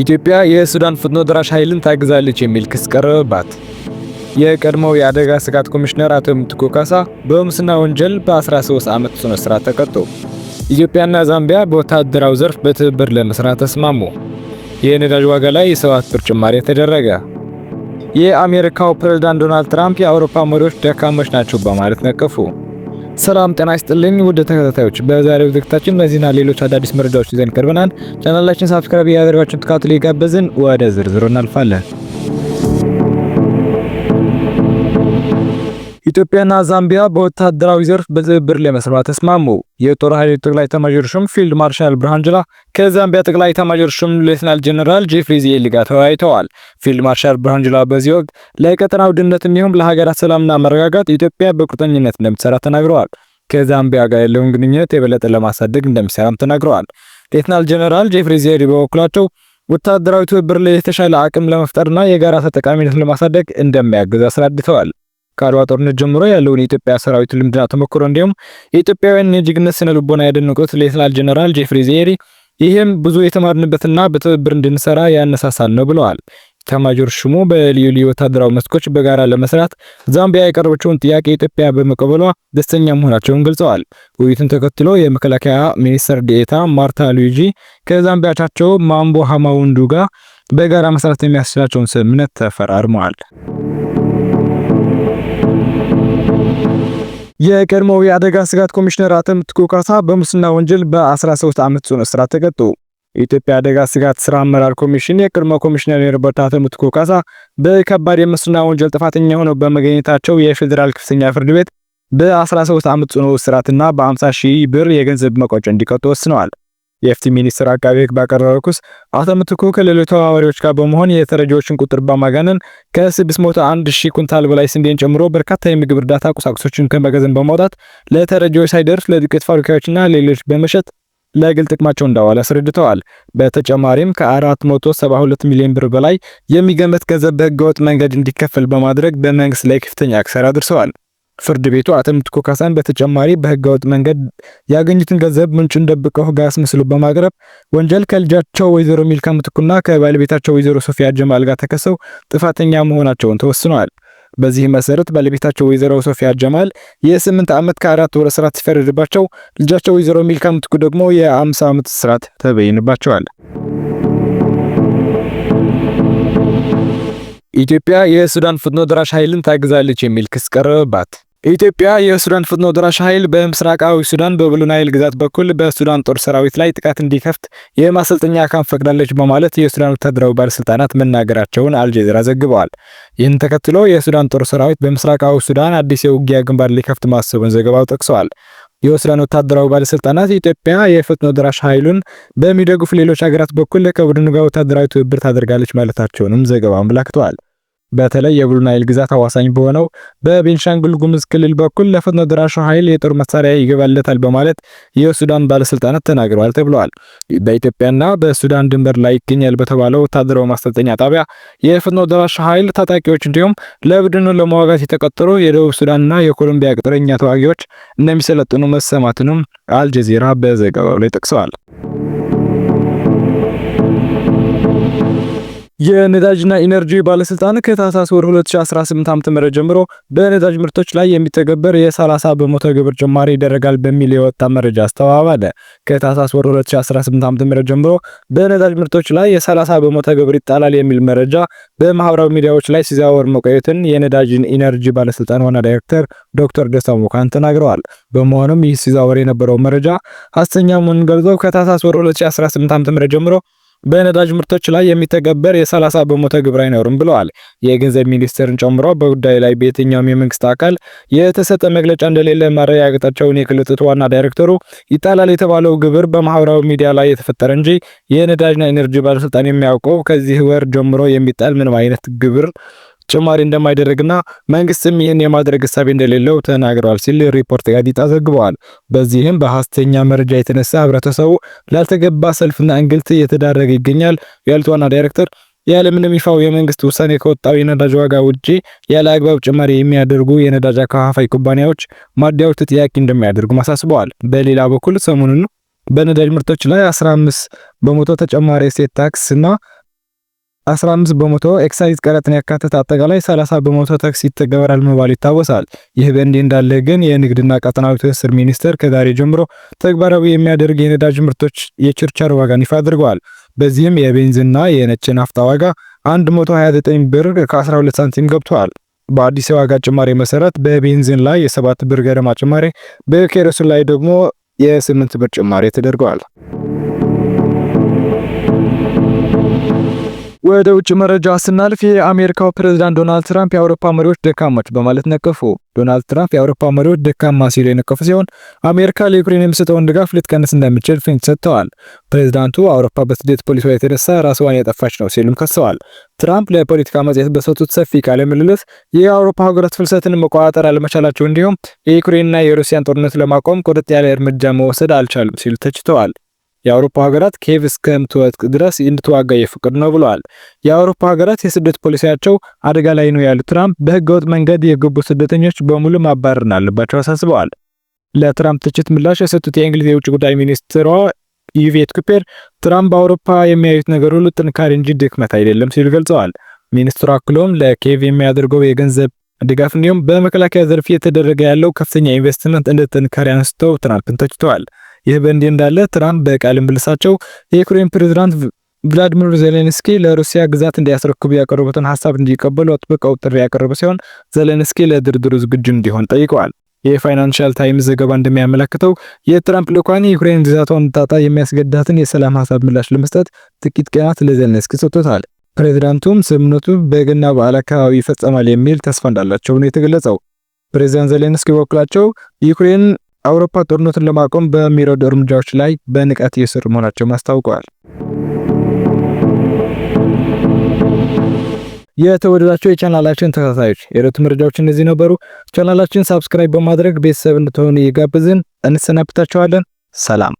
ኢትዮጵያ የሱዳን ፍጥኖ ደራሽ ኃይልን ታግዛለች የሚል ክስ ቀረበባት። የቀድሞው የአደጋ ስጋት ኮሚሽነር አቶ ምትኩ ካሳ በሙስና ወንጀል በ13 ዓመት ጽኑ እስራት ተቀጡ። ኢትዮጵያና ዛምቢያ በወታደራዊ ዘርፍ በትብብር ለመስራት ተስማሙ። የነዳጅ ዋጋ ላይ የሰባት ብር ጭማሪ ተደረገ። የአሜሪካው ፕሬዝዳንት ዶናልድ ትራምፕ የአውሮፓ መሪዎች ደካሞች ናቸው በማለት ነቀፉ። ሰላም ጤና ይስጥልኝ ውድ ተከታታዮች፣ በዛሬው ዝግጅታችን እነዚህና ሌሎች አዳዲስ መረጃዎች ይዘን ቀርበናል። ቻናላችን ሳብስክራይብ ያደረጋችሁን ተከታተሉ እየጋበዝን ወደ ዝርዝሩ እናልፋለን። ኢትዮጵያና ዛምቢያ በወታደራዊ ዘርፍ በትብብር ለመስራት ተስማሙ። የጦር ኃይል ጠቅላይ ኤታማዦር ሹም ፊልድ ማርሻል ብርሃኑ ጁላ ከዛምቢያ ጠቅላይ ኤታማዦር ሹም ሌተናል ጀነራል ጄፍሪ ዚኤሊ ጋር ተወያይተዋል። ፊልድ ማርሻል ብርሃኑ ጁላ በዚህ ወቅት ለቀጠናው ደህንነት የሚሆን ለሀገራት ሰላምና መረጋጋት ኢትዮጵያ በቁርጠኝነት እንደምትሰራ ተናግረዋል። ከዛምቢያ ጋር ያለውን ግንኙነት የበለጠ ለማሳደግ እንደሚሰራም ተናግረዋል። ሌተናል ጀነራል ጄፍሪ ዚኤሊ በበኩላቸው ወታደራዊ ትብብር ላይ የተሻለ አቅም ለመፍጠርና የጋራ ተጠቃሚነት ለማሳደግ እንደሚያግዝ አስረድተዋል። ከአድዋ ጦርነት ጀምሮ ያለውን የኢትዮጵያ ሰራዊት ልምድና ተሞክሮ እንዲሁም የኢትዮጵያውያን የጀግንነት ስነ ልቦና ያደነቁት ሌትናል ጀነራል ጄፍሪ ዜሪ ይህም ብዙ የተማርንበትና በትብብር እንድንሰራ ያነሳሳል ነው ብለዋል። ኤታማዦር ሹሙ በልዩ ልዩ ወታደራዊ መስኮች በጋራ ለመስራት ዛምቢያ የቀረበችውን ጥያቄ ኢትዮጵያ በመቀበሏ ደስተኛ መሆናቸውን ገልጸዋል። ውይይቱን ተከትሎ የመከላከያ ሚኒስትር ዴኤታ ማርታ ሉዊጂ ከዛምቢያቻቸው ማምቦ ሃማውንዱ ጋር በጋራ መስራት የሚያስችላቸውን ስምምነት ተፈራርመዋል። የቀድሞው የአደጋ ስጋት ኮሚሽነር አተምት ኮካሳ በሙስና ወንጀል በ13 ዓመት ጽኑ እስራት ተቀጡ። የኢትዮጵያ አደጋ ስጋት ስራ አመራር ኮሚሽን የቀድሞ ኮሚሽነር የሮበርት አተምት ኮካሳ በከባድ የሙስና ወንጀል ጥፋተኛ ሆነው በመገኘታቸው የፌዴራል ከፍተኛ ፍርድ ቤት በ13 ዓመት ጽኑ እስራትና በ50 ሺህ ብር የገንዘብ መቀጮ እንዲቀጡ ወስነዋል። የፍትህ ሚኒስትር አቃቤ ሕግ ባቀረበው ክስ አቶ ምትኩ ከሌሎች ተባባሪዎች ጋር በመሆን የተረጂዎችን ቁጥር በማጋነን ከ601 ሺህ ኩንታል በላይ ስንዴን ጨምሮ በርካታ የምግብ እርዳታ ቁሳቁሶችን ከመጋዘን በማውጣት ለተረጂዎች ሳይደርስ ለዱቄት ፋብሪካዎችና ሌሎች በመሸጥ ለግል ጥቅማቸው እንዳዋለ አስረድተዋል። በተጨማሪም ከ472 ሚሊዮን ብር በላይ የሚገመት ገንዘብ በህገወጥ መንገድ እንዲከፈል በማድረግ በመንግስት ላይ ከፍተኛ ክሳራ አድርሰዋል። ፍርድ ቤቱ አተምትኮ ኮካሳን በተጨማሪ በህገወጥ መንገድ ያገኙትን ገንዘብ ምንጩን ደብቀው ህግ አስመስሎ በማቅረብ ወንጀል ከልጃቸው ወይዘሮ ሚልካ ምትኩና ከባለቤታቸው ወይዘሮ ሶፊያ ጀማል ጋር ተከሰው ጥፋተኛ መሆናቸውን ተወስነዋል። በዚህ መሰረት ባለቤታቸው ወይዘሮ ሶፊያ ጀማል የስምንት ዓመት ከአራት ወር እስራት ሲፈረድባቸው ልጃቸው ወይዘሮ ሚልካ ምትኩ ደግሞ የአምሳ ዓመት እስራት ተበይንባቸዋል። ኢትዮጵያ የሱዳን ፍጥኖ ደራሽ ኃይልን ታግዛለች የሚል ክስ ቀረበባት። ኢትዮጵያ የሱዳን ፈጥኖ ደራሽ ኃይል በምስራቃዊ ሱዳን በብሉ ናይል ግዛት በኩል በሱዳን ጦር ሰራዊት ላይ ጥቃት እንዲከፍት የማሰልጠኛ ካምፕ ፈቅዳለች በማለት የሱዳን ወታደራዊ ባለስልጣናት መናገራቸውን አልጀዚራ ዘግበዋል። ይህን ተከትሎ የሱዳን ጦር ሰራዊት በምስራቃዊ ሱዳን አዲስ የውጊያ ግንባር ሊከፍት ማሰቡን ዘገባው ጠቅሰዋል። የሱዳን ወታደራዊ ባለስልጣናት ኢትዮጵያ የፈጥኖ ደራሽ ኃይሉን በሚደግፉ ሌሎች ሀገራት በኩል ከቡድኑ ጋር ወታደራዊ ትብብር ታደርጋለች ማለታቸውንም ዘገባው አመላክተዋል። በተለይ የብሉናይል ግዛት አዋሳኝ በሆነው በቤንሻንጉል ጉሙዝ ክልል በኩል ለፈጥኖ ደራሹ ኃይል የጦር መሳሪያ ይገባለታል በማለት የሱዳን ባለስልጣናት ተናግረዋል ተብለዋል። በኢትዮጵያና በሱዳን ድንበር ላይ ይገኛል በተባለው ወታደራዊ ማሰልጠኛ ጣቢያ የፈጥኖ ደራሹ ኃይል ታጣቂዎች እንዲሁም ለቡድኑ ለመዋጋት የተቀጠሩ የደቡብ ሱዳንና የኮሎምቢያ ቅጥረኛ ተዋጊዎች እንደሚሰለጥኑ መሰማትንም አልጀዚራ በዘገባው ላይ ጠቅሰዋል። የነዳጅና ኢነርጂ ባለስልጣን ከታህሳስ ወር 2018 ዓ.ም ጀምሮ በነዳጅ ምርቶች ላይ የሚተገበር የ30 በመቶ ግብር ጭማሪ ይደረጋል በሚል የወጣ መረጃ አስተባበለ። ከታህሳስ ወር 2018 ዓ.ም ጀምሮ በነዳጅ ምርቶች ላይ የ30 በመቶ ግብር ይጣላል የሚል መረጃ በማህበራዊ ሚዲያዎች ላይ ሲዘዋወር መቆየትን የነዳጅን ኢነርጂ ባለስልጣን ዋና ዳይሬክተር ዶክተር ደስታ ሙካን ተናግረዋል። በመሆኑም ይህ ሲዘዋወር የነበረው መረጃ ሐሰተኛ መሆኑን ገልጸው ከታህሳስ ወር 2018 ዓ.ም ጀምሮ በነዳጅ ምርቶች ላይ የሚተገበር የ30 በመቶ ግብር አይኖርም ብለዋል። የገንዘብ ሚኒስቴርን ጨምሮ በጉዳዩ ላይ በየትኛውም የመንግስት አካል የተሰጠ መግለጫ እንደሌለ ማረጋገጣቸውን የክልጥት ዋና ዳይሬክተሩ ይጣላል የተባለው ግብር በማህበራዊ ሚዲያ ላይ የተፈጠረ እንጂ የነዳጅና ኢነርጂ ባለስልጣን የሚያውቀው ከዚህ ወር ጀምሮ የሚጣል ምንም አይነት ግብር ጭማሪ እንደማይደረግና መንግስትም ይህን የማድረግ እሳቤ እንደሌለው ተናግረዋል ሲል ሪፖርት ጋዜጣ ዘግበዋል። በዚህም በሐሰተኛ መረጃ የተነሳ ህብረተሰቡ ላልተገባ ሰልፍና እንግልት እየተዳረገ ይገኛል ያሉት ዋና ዳይሬክተር ያለምንም ይፋው የመንግስት ውሳኔ ከወጣው የነዳጅ ዋጋ ውጪ ያለ አግባብ ጭማሪ የሚያደርጉ የነዳጅ አከፋፋይ ኩባንያዎች ማደያዎች ተጠያቂ እንደሚያደርጉ ማሳስበዋል። በሌላ በኩል ሰሞኑን በነዳጅ ምርቶች ላይ 15 በመቶ ተጨማሪ እሴት ታክስ እና 15 በመቶ ኤክሳይዝ ቀረጥን ያካተተ አጠቃላይ 30 በመቶ ታክስ ይተገበራል መባል ይታወሳል። ይህ በእንዲህ እንዳለ ግን የንግድና ቀጠናዊ ትስስር ሚኒስቴር ከዛሬ ጀምሮ ተግባራዊ የሚያደርግ የነዳጅ ምርቶች የችርቻር ዋጋን ይፋ አድርገዋል። በዚህም የቤንዚንና የነጭ ናፍጣ ዋጋ 129 ብር ከ12 ሳንቲም ገብቷል። በአዲስ የዋጋ ጭማሪ መሰረት በቤንዚን ላይ የሰባት ብር ገደማ ጭማሪ፣ በኬሮሲን ላይ ደግሞ የ ብር ጭማሪ ተደርገዋል። ወደ ውጭ መረጃ ስናልፍ የአሜሪካው ፕሬዝዳንት ዶናልድ ትራምፕ የአውሮፓ መሪዎች ደካማች በማለት ነቀፉ። ዶናልድ ትራምፕ የአውሮፓ መሪዎች ደካማ ሲሉ የነቀፉ ሲሆን አሜሪካ ለዩክሬን የምትሰጠውን ድጋፍ ልትቀንስ እንደምችል ፍንጭ ሰጥተዋል። ፕሬዝዳንቱ አውሮፓ በስደት ፖሊሲዋ የተነሳ ራስዋን ያጠፋች ነው ሲሉም ከሰዋል። ትራምፕ ለፖለቲካ መጽሔት በሰጡት ሰፊ ቃለ ምልልስ የአውሮፓ ሀገራት ፍልሰትን መቆጣጠር አለመቻላቸው እንዲሁም የዩክሬንና የሩሲያን ጦርነት ለማቆም ቁርጥ ያለ እርምጃ መወሰድ አልቻሉም ሲሉ ተችተዋል። የአውሮፓ ሀገራት ኬቭ እስከምትወድቅ ድረስ እንድትዋጋ የፍቅር ነው ብለዋል። የአውሮፓ ሀገራት የስደት ፖሊሲያቸው አደጋ ላይ ነው ያሉት ትራምፕ በህገወጥ መንገድ የገቡ ስደተኞች በሙሉ ማባረር እንዳለባቸው አሳስበዋል። ለትራምፕ ትችት ምላሽ የሰጡት የእንግሊዝ የውጭ ጉዳይ ሚኒስትሯ ዩቬት ኩፔር ትራምፕ በአውሮፓ የሚያዩት ነገር ሁሉ ጥንካሬ እንጂ ድክመት አይደለም ሲሉ ገልጸዋል። ሚኒስትሩ አክሎም ለኬቭ የሚያደርገው የገንዘብ ድጋፍ እንዲሁም በመከላከያ ዘርፍ እየተደረገ ያለው ከፍተኛ ኢንቨስትመንት እንደ ጥንካሬ አንስተው ትራምፕን ተችተዋል። ይህ በእንዲህ እንዳለ ትራምፕ በቃለ ምልልሳቸው የዩክሬን ፕሬዝዳንት ቭላዲሚር ዜሌንስኪ ለሩሲያ ግዛት እንዲያስረክቡ ያቀረቡትን ሀሳብ እንዲቀበሉ አጥብቀው ጥሪ ያቀረቡ ሲሆን ዜሌንስኪ ለድርድሩ ዝግጁ እንዲሆን ጠይቀዋል። የፋይናንሻል ታይምስ ዘገባ እንደሚያመለክተው የትራምፕ ልኳን የዩክሬን ግዛቷን እንድታጣ የሚያስገድዳትን የሰላም ሀሳብ ምላሽ ለመስጠት ጥቂት ቀናት ለዜሌንስኪ ሰጥቶታል። ፕሬዚዳንቱም ስምምነቱ በገና በዓል አካባቢ ይፈጸማል የሚል ተስፋ እንዳላቸው ነው የተገለጸው። ፕሬዚዳንት ዜሌንስኪ በበኩላቸው ዩክሬን አውሮፓ ጦርነቱን ለማቆም በሚረዱ እርምጃዎች ላይ በንቃት እየሰሩ መሆናቸውን አስታውቀዋል። የተወደዳቸው የቻናላችን ተከታታዮች የዕለቱ መረጃዎች እነዚህ ነበሩ። ቻናላችን ሳብስክራይብ በማድረግ ቤተሰብ እንድትሆኑ እየጋበዝን እንሰናብታቸዋለን። ሰላም